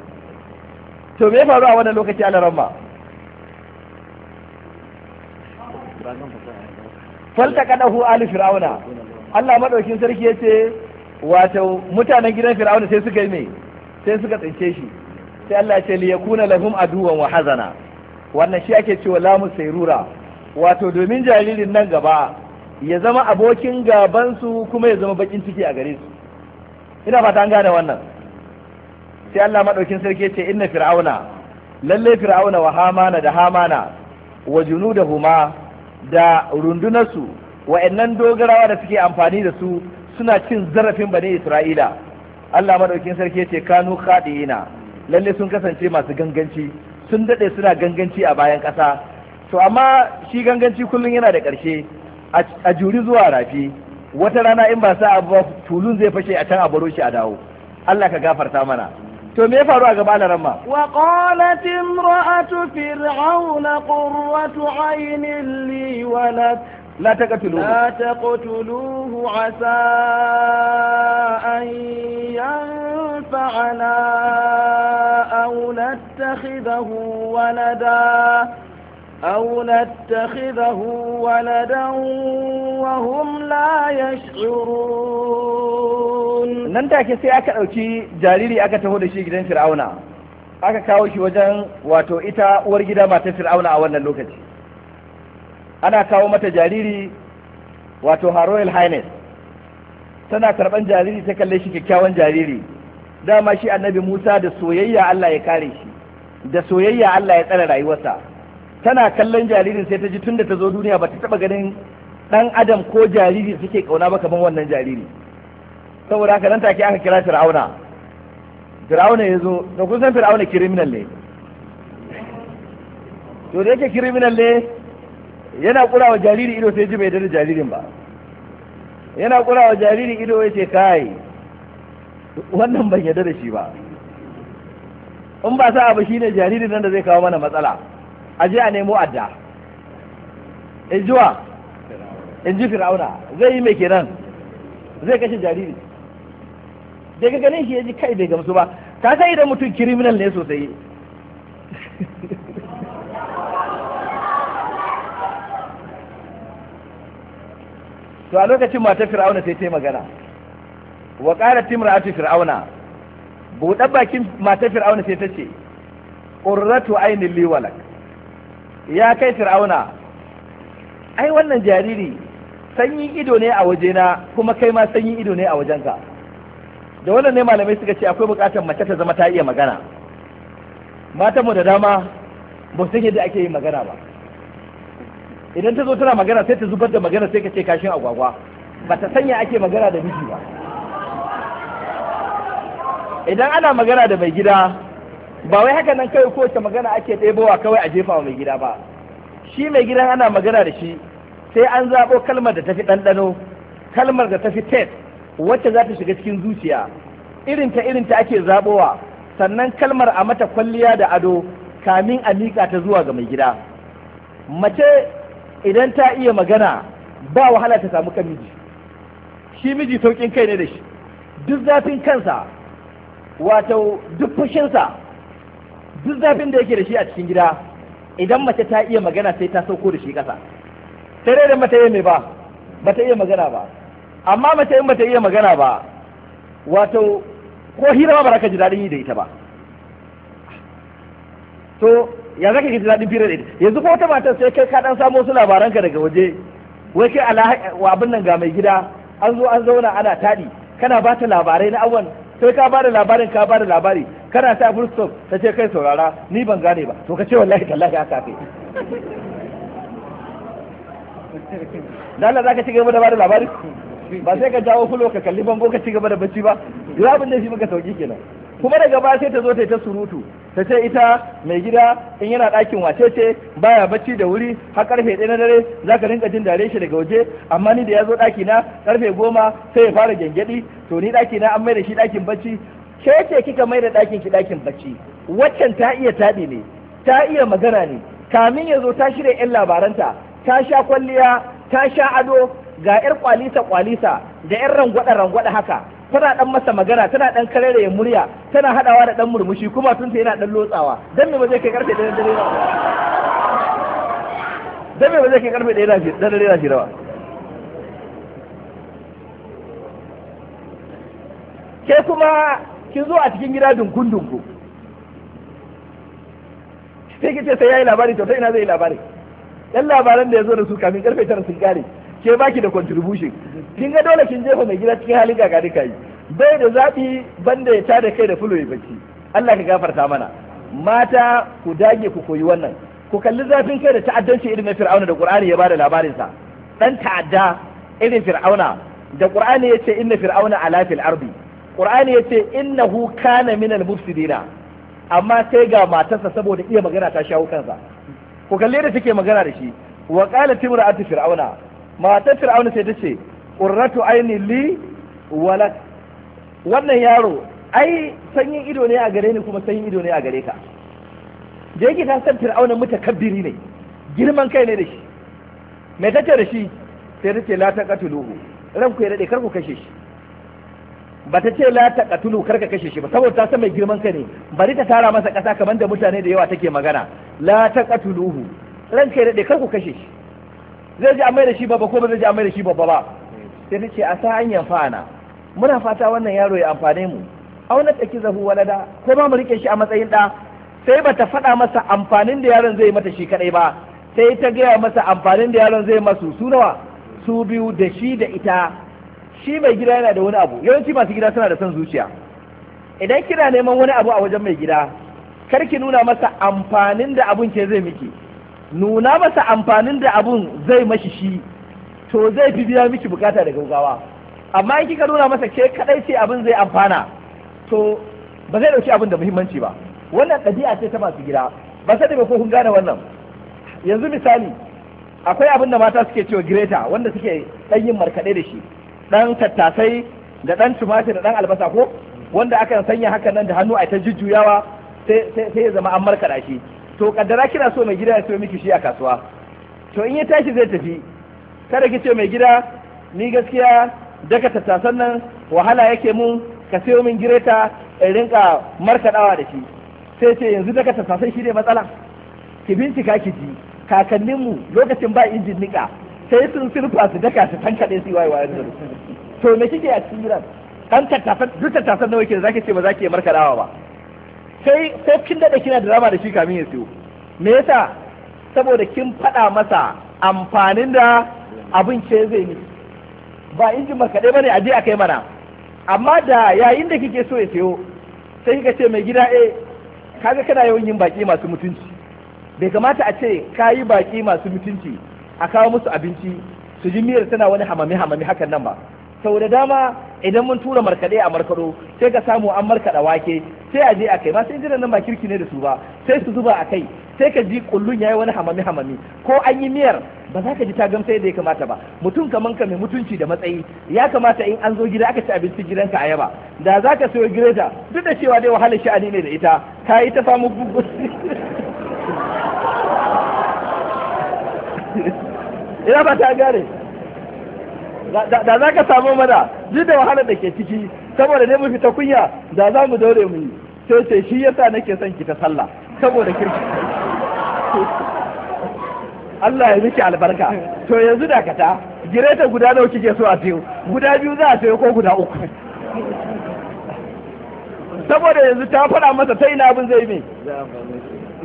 to me ya faru a wannan lokaci a laramma falta kadahu ali fir'auna Allah madaukin sarki yace wato mutanen gidan fir'auna sai suka yi me sai suka tsince shi sai Allah ce li yakuna lahum aduwan wa hazana wannan shi ake cewa lamu sayrura wato domin jaririn nan gaba ya zama abokin gaban su kuma ya zama bakin ciki a gare su ina fata an gane wannan sai Allah madaukin sarki ce inna fir'auna lalle fir'auna wa hamana da hamana wa junudahuma da rundunarsu wa'annan dogarawa da suke amfani da su suna cin zarafin bane Isra'ila Allah madaukin sarki ce kanu khadiina lalle sun kasance masu ganganci sun daɗe suna ganganci a bayan ƙasa to amma shi ganganci kullum yana da ƙarshe a juri zuwa rafi wata rana in ba sa abu tulun zai fashe a can a baro shi a dawo Allah ka gafarta mana to me ya faru a gaba da ma wa qalat imra'atu fir'auna qurratu aynin li wa لا تقتلوه لا تقتلوه عسى أن ينفعنا أو نتخذه ولدا أو نتخذه ولدا وهم لا يشعرون nan take sai aka ɗauki jariri aka taho da shi gidan Fir'auna aka kawo shi wajen wato ita uwar gida matar Fir'auna a wannan lokaci ana kawo mata jariri wato her royal highness tana karban jariri ta kalle shi kyakkyawan jariri dama shi annabi Musa da soyayya Allah ya kare shi da soyayya Allah ya tsara rayuwarsa tana kallon jaririn sai ta ji tun da ta zo duniya ba ta taba ganin dan adam ko jariri suke kauna ba kamar wannan jariri saboda haka nan take aka kira Fir'auna Fir'auna ya zo da kun Fir'auna criminal ne to da yake criminal ne yana kura wa jariri ido sai ji bai da jaririn ba yana kura wa jariri ido ya ce kai wannan ban yadda da shi ba in ba sa abu shine jaririn nan da zai kawo mana matsala a je a nemo adda in jiwa in ji fir'auna zai yi mai kenan zai kashe jariri daga ganin shi ya ji kai bai gamsu ba ta sai idan mutum kiriminal ne sosai to a lokacin matar fir'auna sai ta yi magana wa qalat a fir'auna buɗa bakin matar fir'auna sai ta ce qurratu ainin li ya kai fir'auna ai wannan jariri sanyi ido ne a wajena kuma kai ma sanyi ido ne a wajenka da wannan ne malamai suka ce akwai buƙatar mace ta zama ta iya magana matanmu da dama ba su yadda ake yin magana ba idan ta zo tana magana sai ta zubar da magana sai ka ce kashin agwagwa ba ta sanya ake magana da miji ba idan ana magana da mai gida ba wai haka nan kawai kowace magana ake ɗebowa kawai a jefa mai gida ba shi mai gidan ana magana da shi sai an zaɓo kalmar da tafi ɗanɗano kalmar da tafi tet wacce za ta shiga cikin zuciya irinta irinta ake zaɓowa sannan kalmar a mata kwalliya da ado kamin a miƙa ta zuwa ga mai gida mace idan ta iya magana ba wahala ta samu kan miji shi miji saukin kai ne da shi duk zafin kansa wato duk fushinsa duk zafin da yake da shi a cikin gida idan mace ta iya magana sai ta sauko da shi ƙasa sai dai da mata yi mai ba ta iya magana ba amma mace in mata iya magana ba wato ko hira ba ka ji daɗin yi da ita ba to ya zaka ji daɗin firar ɗin yanzu ko wata matar sai kai ka dan samo su labaranka daga waje wai kai ala wa abin nan ga mai gida an zo an zauna ana taɗi kana ba ta labarai na awan sai ka ba da labarin ka ba da labari kana ta full ta ce kai saurara ni ban gane ba to ka ce wallahi tallahi haka kai da Allah zaka ci gaba da ba da labari ba sai ka jawo fulo ka kalli bango ka ci gaba da bacci ba ya abin da shi muka sauki kenan kuma daga baya sai ta zo ta yi ta surutu ta ce ita mai gida in yana ɗakin wace ce baya bacci da wuri har karfe ɗaya na dare za ka rinka jin dare shi daga waje amma ni da ya zo ɗaki na karfe goma sai ya fara gyangyaɗi to ni ɗaki na an mai da shi ɗakin bacci ke ce kika mai da ɗakin ki ɗakin bacci waccan ta iya taɗi ne ta iya magana ne kamin ya zo ta shirya 'yan labaranta ta sha kwalliya ta sha ado ga 'yar kwalisa kwalisa da yar rangwada rangwada haka tana dan masa magana tana dan karere murya tana hadawa da dan murmushi kuma ta yana dan lotsawa dan me ba zai kai karfe da dare ba dan me ba zai kai karfe da dare na jirawa ke kuma ki zo a cikin gida dunkun dunku sai kice sai yayi labari to sai ina zai labari dan labaran da ya zo da su kafin karfe 9 sun kare ke baki da contribution kin ga dole kin jefa mai gida cikin halin gaga duka yi bai da zaɓi banda ya tada kai da fulo ya Allah ka gafarta mana mata ku dage ku koyi wannan ku kalli zafin kai da ta'addanci irin fir'auna da qur'ani ya bada labarin sa dan ta'adda irin fir'auna da qur'ani yace inna fir'auna ala fil ardi qur'ani yace innahu kana al mufsidina amma sai ga matarsa saboda iya magana ta shawo kansa ku kalli da take magana da shi wa qalat imra'atu fir'auna matar fir'auna sai ta ce qurratu aini li walak wannan yaro ai sanyin ido ne a gare ni kuma sanyin ido ne a gare ka da yake ta san fir'auna mutakabbiri ne girman kai ne da shi me tace da shi sai ta ce la ran ku ya dade kar ku kashe shi ba ta ce la taqatulu kar ka kashe shi ba saboda ta san mai girman kai ne bari ta tara masa kasa kamar da mutane da yawa take magana la ran ranka ya dade kar ku kashe shi zai ji amai da shi babba ko ba zai ji amai da shi babba ba sai ta ce a sa hanyar fana muna fata wannan yaro ya amfane mu auna tsaki zahu walada ko ba mu rike shi a matsayin da sai bata faɗa masa amfanin da yaron zai mata shi kadai ba sai ta gaya masa amfanin da yaron zai masu su nawa su biyu da shi da ita shi mai gida yana da wani abu yawanci masu gida suna da son zuciya idan kina neman wani abu a wajen mai gida kar ki nuna masa amfanin da abun ke zai miki nuna masa amfanin da abun zai mashi shi to zai fi biya miki bukata da gaugawa amma in kika nuna masa ke kadai ce abin zai amfana to ba zai dauki abin da muhimmanci ba wannan ɗabi'a ce ta masu gida ba sai ba ko kun gane wannan yanzu misali akwai abin da mata suke cewa gireta wanda suke dan yin markaɗe da shi dan tattasai da dan tumatir da dan albasa ko wanda akan sanya hakan nan da hannu a ta jujjuyawa sai ya zama an markaɗa shi to kaddara kina so mai gida ya sayo miki shi a kasuwa to in ya tashi zai tafi kada ki ce mai gida ni gaskiya daga tattasan nan wahala yake mun ka sayo min gireta in rinka markaɗawa da shi sai ce yanzu daga tattasan shi ne matsala ki bincika ki ji kakanninmu lokacin ba injin nika sai sun sulfa su daga su ɗaya su yi wayewa to me kike a cikin gidan kan tattasan duk tattasan nawa ke ki ce ba yi markaɗawa ba sai ko kin dade kina drama da shi kamin ya siyo me yasa saboda kin faɗa masa amfanin da abin ce zai yi ba injin ba kaɗai bane je a kai mana amma da yayin da kike so ya siyo sai kika ce mai gida eh kaga kana yawan yin baki masu mutunci bai kamata a ce kayi baki masu mutunci a kawo musu abinci su ji miyar tana wani hamami hamami hakan nan ba sau da dama idan mun tura markaɗe a markaɗo sai ka samu an markaɗa wake sai a je a kai ba sai jiran nan ba kirki ne da su ba sai su zuba a kai sai ka ji kullun yayi wani hamami hamami ko an yi miyar ba za ka ji ta gamsa yadda ya kamata ba mutum kaman ka mai mutunci da matsayi ya kamata in an zo gida aka ci abinci gidanka a yaba da za ka sayo gireta duk da cewa dai wahalar sha'ani ne da ita ka yi ta samu gugu ina ba ta gare da za ka samu mana duk da wahalar da ke ciki saboda ne mu fita kunya da za mu daure mu yi sai ce shi yasa nake son ki ta sallah saboda kirki Allah ya miki albarka to yanzu dakata gireta guda nawa kike so a sayo guda biyu za a sayo ko guda uku saboda yanzu ta faɗa masa ta ina abin zai mai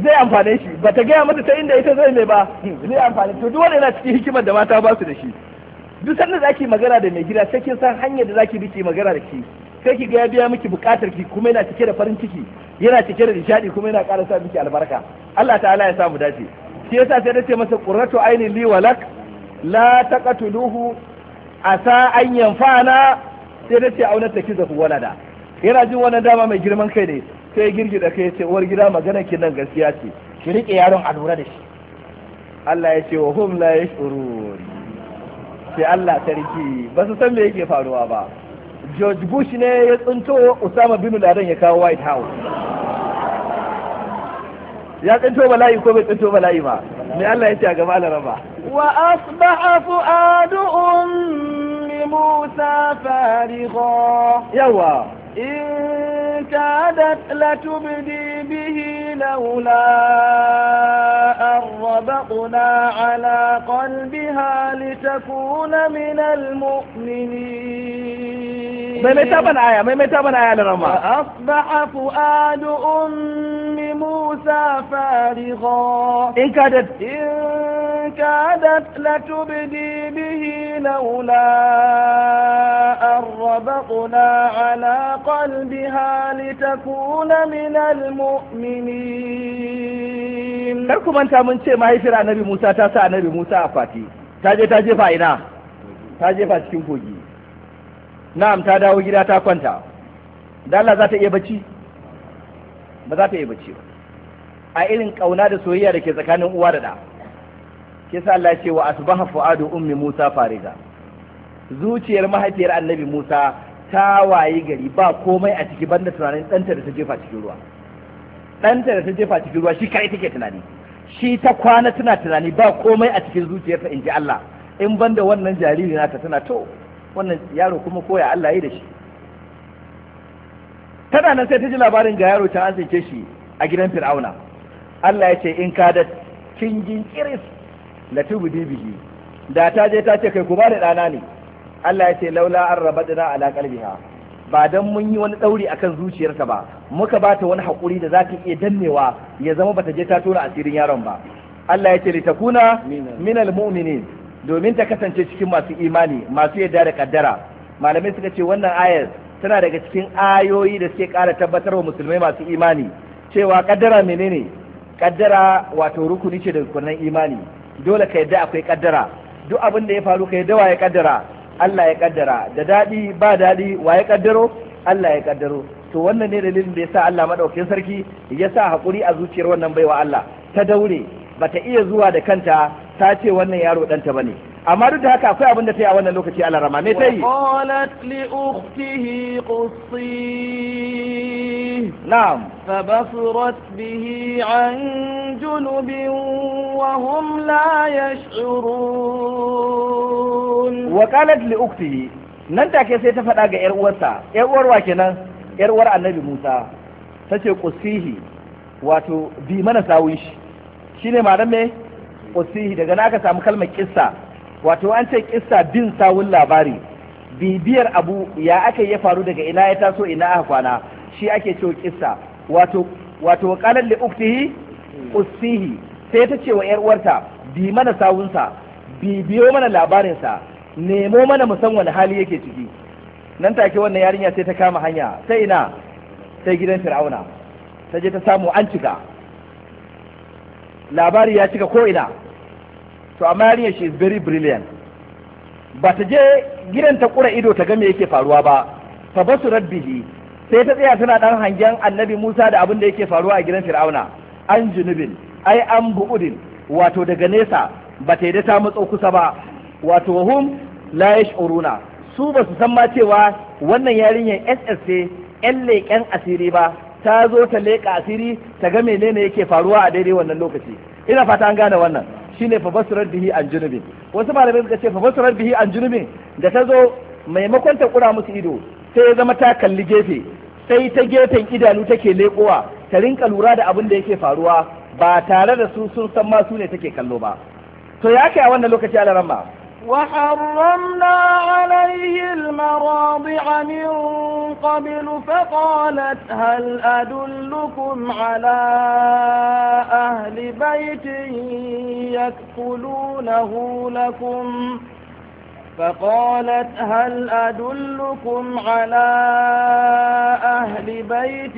zai amfane shi ba ta gaya masa ta inda ita zai mai ba zai amfane to duk wanda yana cikin hikimar da mata ba su da shi duk sanda zaki magana da mai gida sai kin san hanyar da zaki bi ki magana da shi sai ki ga ya biya miki bukatar ki kuma yana cike da farin ciki yana cike da nishadi kuma yana ƙara sa miki albarka Allah ta'ala ya samu dace shi yasa sai ce masa qurratu aini li walak la taqatuluhu asa an yanfa'ana sai dace auna takizahu walada yana jin wannan dama mai girman kai ne sai girgida kai ce uwar gida magana ki nan gaskiya ce ki rike yaron a lura da shi Allah ya ce wa hum la yashurun sai Allah sarki ba su san me yake faruwa ba george bush ne ya tsinto usama bin laden ya kawo white house ya tsinto bala'i ko bai tsinto bala'i ba me allah ya ce a gaba laraba wa asbaha fu'adu ummi musa farigha yawa in kadat latubdi bihi laula ربطنا على قلبها لتكون من المؤمنين maimaita bana aya maimaita bana aya da rama asbaha fuadu ummi musa farigha in kadat in kadat latubdi bihi laula arbatna ala qalbiha litakuna min almu'minin kar ku manta mun ce mahaifiyar nabi musa ta sa nabi musa a fati ta je ta jefa ina ta jefa cikin kogi na'am ta dawo gida ta kwanta da Allah za ta iya bacci ba za ta iya bacci ba a irin ƙauna da soyayya da ke tsakanin uwa da da ke sa Allah ce wa asbaha fuadu ummi Musa fariga zuciyar mahaifiyar annabi Musa ta waye gari ba komai a ciki banda tunanin ɗanta da ta jefa cikin ruwa ɗanta da ta jefa cikin ruwa shi kai take tunani shi ta kwana tana tunani ba komai a cikin zuciyarta in ji Allah in banda wannan jariri nata tana to wannan yaro kuma koya Allah yi da shi tana nan sai ta ji labarin ga yaro can an shi a gidan fir'auna Allah ya ce in ka da kingin kiris la tubu dibihi da ta je ta ce kai ku ba da dana ne Allah ya ce laula an rabadna ala qalbiha ba dan mun yi wani dauri akan zuciyarta ba muka ba ta wani hakuri da za iya dannewa ya zama bata je ta tura asirin yaron ba Allah ya ce litakuna minal mu'minin domin ta kasance cikin masu imani masu yadda da kaddara malamai suka ce wannan ayar tana daga cikin ayoyi da suke ƙara tabbatar wa musulmai masu imani cewa kaddara menene kaddara wato rukuni ce da rukunan imani dole ka yadda akwai kaddara duk abin da ya faru ka yadda ya kaddara Allah ya kaddara da dadi ba dadi wa ya kaddaro Allah ya kaddaro to wannan ne dalilin da ya sa Allah madaukakin sarki ya sa haƙuri a zuciyar wannan baiwa Allah ta daure bata iya zuwa da kanta ta ce wannan yaro ɗanta ne. amma duk da haka akwai abin da ta yi a wannan lokaci Allah rama me ta yi qalat li ukhtihi bihi an junubin wa hum la yash'urun wa qalat li nan take sai ta faɗa ga ƴar uwarsa ƴar uwar wa kenan ƴar uwar Annabi Musa tace qussihi wato bi mana sawun shi shine malam me usihi daga na aka samu kalmar kissa wato an ce kissa bin sawun labari bibiyar abu ya aka ya faru daga ina ya taso ina aka kwana shi ake cewa kissa wato wato qalan li uktihi usihi sai ta ce wa yar uwarta bi mana sawunsa bibiyo mana labarinsa nemo mana musan wani hali yake ciki nan take wannan yarinya sai ta kama hanya sai ina sai gidan fir'auna ta je ta samu an cika labari ya cika ko ina to amma yarinya shi is very brilliant ba ta je gidan ta kura ido ta ga me yake faruwa ba fa basu rabbihi sai ta tsaya tana dan hangen annabi Musa da abin da yake faruwa a gidan Fir'auna an junubin ai an bu'udin wato daga nesa ba ta yi ta matso kusa ba wato hum la yash'uruna su ba su san ma cewa wannan yarinyar SS ce yan leƙen asiri ba ta zo ta leƙa asiri ta ga menene yake faruwa a daidai wannan lokaci ina fata an gane wannan shi ne fafasirar bihi an junubi wasu malamai suka ce fafasirar bihi an junubi da ta zo maimakon ta kura musu ido sai ya zama ta kalli gefe sai ta gefen idanu take lekowa ta rinka lura da abin da yake faruwa ba tare da su sun san ma su ne take kallo ba to ya kai a wannan lokaci alaramma وحرمنا عليه المراضع من قبل فقالت هل أدلكم على أهل بيت يكفلونه لكم ؟ فقالت هل أدلكم على أهل بيت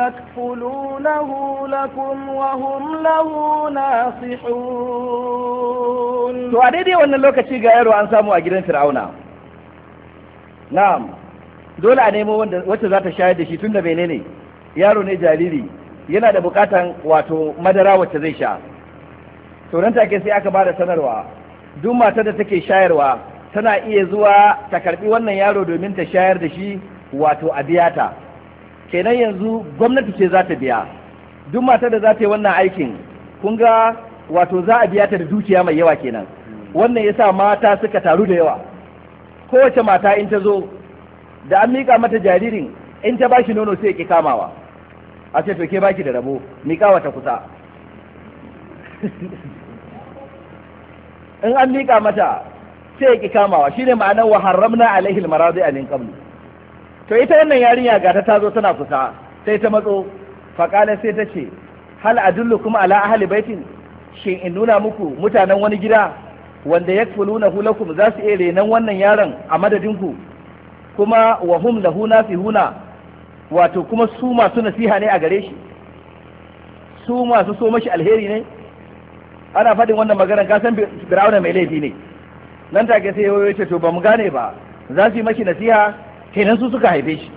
يكفلونه لكم وهم له ناصحون to a daidai wannan lokaci ga yaro an samu a gidan Fir'auna na'am dole a nemo wacce za ta sha da shi tun tunda menene yaro ne jariri yana da bukatan wato madara wacce zai sha to nan take sai aka ba da sanarwa duk matar da take shayarwa tana iya zuwa ta karbi wannan yaro domin ta shayar da shi wato a biya ta kenan yanzu gwamnati ce za ta biya duk matar da za ta yi wannan aikin kun ga wato za a biya ta da dukiya mai yawa kenan wannan yasa mata suka taru da yawa kowace mata in ta zo da an miƙa mata jaririn in ta bashi nono sai ki kamawa a ce to ke baki da rabo miƙawa ta kusa in an miƙa mata sai ki kamawa shine ma'anar wa haramna alaihi almaradi alin qablu to ita wannan yarinya ga ta tazo tana kusa sai ta matso faƙala sai ta ce hal adullukum ala ahli baitin shin in nuna muku mutanen wani gida wanda yakfulunahu lakum za su iya renan wannan yaron a madadinku kuma wa hum lahu nasihuna wato kuma su masu nasiha ne a gare shi su masu so mashi alheri ne ana faɗin wannan maganar ka san fir'auna mai laifi ne nan take sai ya ce to ba mu gane ba za su yi maki nasiha kenan su suka haife shi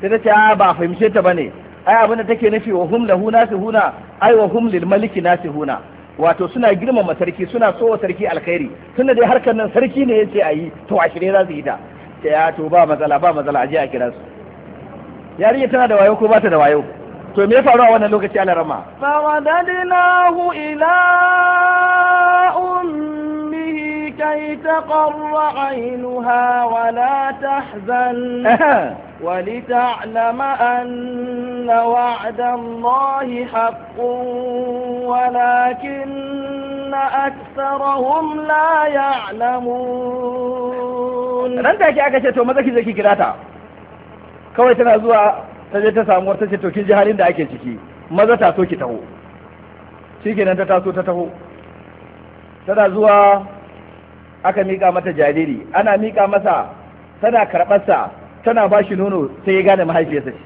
sai ta ce ba fahimce ta bane ai abin da take nufi wa hum lahu nasihuna ai wa hum lil maliki nasihuna wato suna girmama sarki suna so wa sarki alkhairi tunda dai harkar nan sarki ne yace ayi to a shirye za su yi ta ya to ba matsala ba matsala aje a kira su yarinya tana da wayo ko ba ta da wayo to me ya faru a wannan lokaci ana rama faradadnahu ila ummihi kai taqarra aynuha wa la tahzan wa ولتعلم أن وعد الله حق ولكن أكثرهم لا يعلمون ran da ki aka ce to maza ki zaki kirata kawai tana zuwa ta je ta samu wata ce to kin ji halin da ake ciki maza ta so ki taho shikenan ta taso ta taho tana zuwa aka mika mata jariri ana mika masa tana karɓarsa tana ba shi nono sai ya gane mahaifiyarsa shi.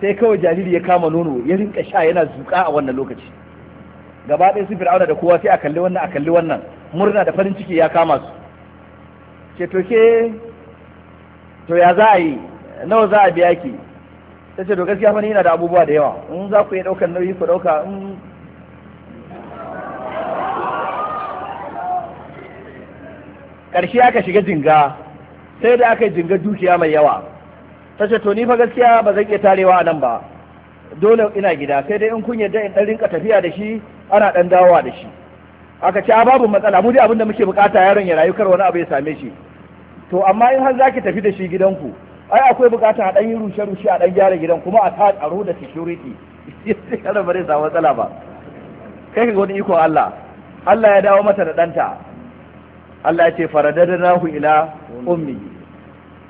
sai kawai jariri ya kama nono ya rinka sha yana zuƙa a wannan lokaci gaba ɗaya su fir'auna da kowa sai a kalli wannan a kalli wannan murna da farin ciki ya kama su ce to to ya za a yi nawa za a biya ki ta ce to gaskiya fa ni ina da abubuwa da yawa in za ku yi ɗaukar nauyi ku ɗauka in ƙarshe aka shiga jinga sai da aka yi jinga dukiya mai yawa ta ce to ni fa gaskiya ba zan iya tarewa a nan ba dole ina gida sai dai in kun yarda in ɗan rinka tafiya da shi ana ɗan dawowa da shi aka ce babu matsala mu dai da muke bukata yaron ya rayu kar wani abu ya same shi to amma in har zaki tafi da shi gidanku ai akwai bukatar a ɗan yi rushe-rushe a ɗan gyara gidan kuma a ta tsaro da security yana ba zai samu matsala ba kai ka wani iko Allah Allah ya dawo mata da ɗanta Allah ya ce faradadnahu ila ummi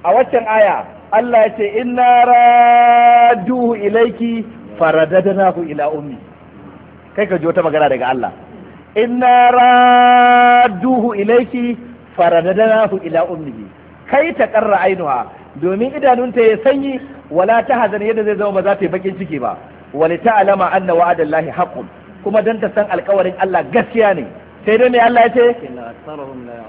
a waccan aya Allah ya ce inna raduhu ilayki faradadnahu ila ummi kai ka ji wata magana daga Allah inna raduhu ilayki faradadnahu ila ummi kai ta karra ainuha domin idanunta ya sanyi wala ta hazan yadda zai zama ba za ta yi bakin ciki ba an na anna lahi haƙun kuma dan ta san alƙawarin Allah gaskiya ne sai dai mai Allah ya ce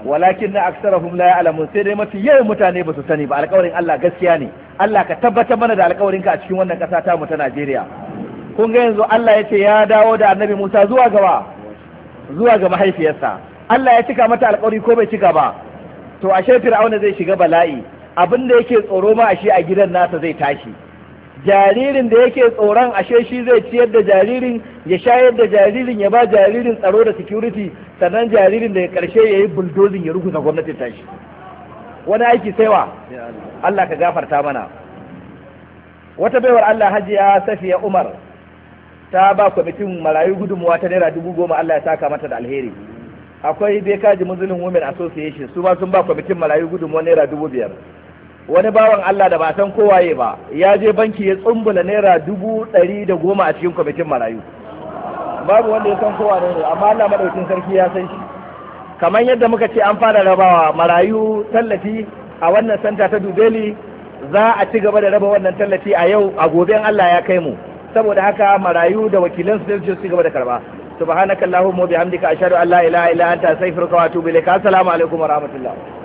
walakin na humla ya alamun sai dai mafi yawan mutane ba su sani ba alƙawarin Allah gaskiya ne Allah ka tabbatar mana da ka a cikin wannan ƙasa ta mu ta Najeriya kun ga yanzu Allah ya ce ya dawo da Annabi Musa zuwa gaba zuwa ga mahaifiyarsa Allah ya cika mata alkawari ko bai cika ba to ashe Fir'auna zai shiga bala'i abin da yake tsoro ma ashe a gidan nasa zai tashi jaririn da yake tsoron ashe shi zai ciyar da jaririn ya shayar da jaririn ya ba jaririn tsaro da security sannan jaririn da ya karshe ya yi bulldozing ya rugusa gwamnatin tashi wani aiki saiwa Allah ka gafarta mana wata baiwar Allah hajiya safiya umar ta ba kwamitin marayu gudunmuwa ta naira dubu goma Allah ya saka mata da alheri akwai bekaji muslim women association su ma sun ba kwamitin marayu gudunmuwa naira dubu biyar wani bawan Allah da ba san kowaye ba ya je banki ya tsumbula naira dubu ɗari da goma a cikin kwamitin marayu babu wanda ya san kowa ne amma Allah madaukin sarki ya san shi kamar yadda muka ce an fara rabawa marayu tallafi a wannan santa ta dubeli za a ci gaba da raba wannan tallafi a yau a gobe Allah ya kai mu saboda haka marayu da wakilan su su ci gaba da karba subhanakallahumma bihamdika ashhadu an la ilaha illa anta astaghfiruka wa atubu ilaik assalamu alaikum wa rahmatullah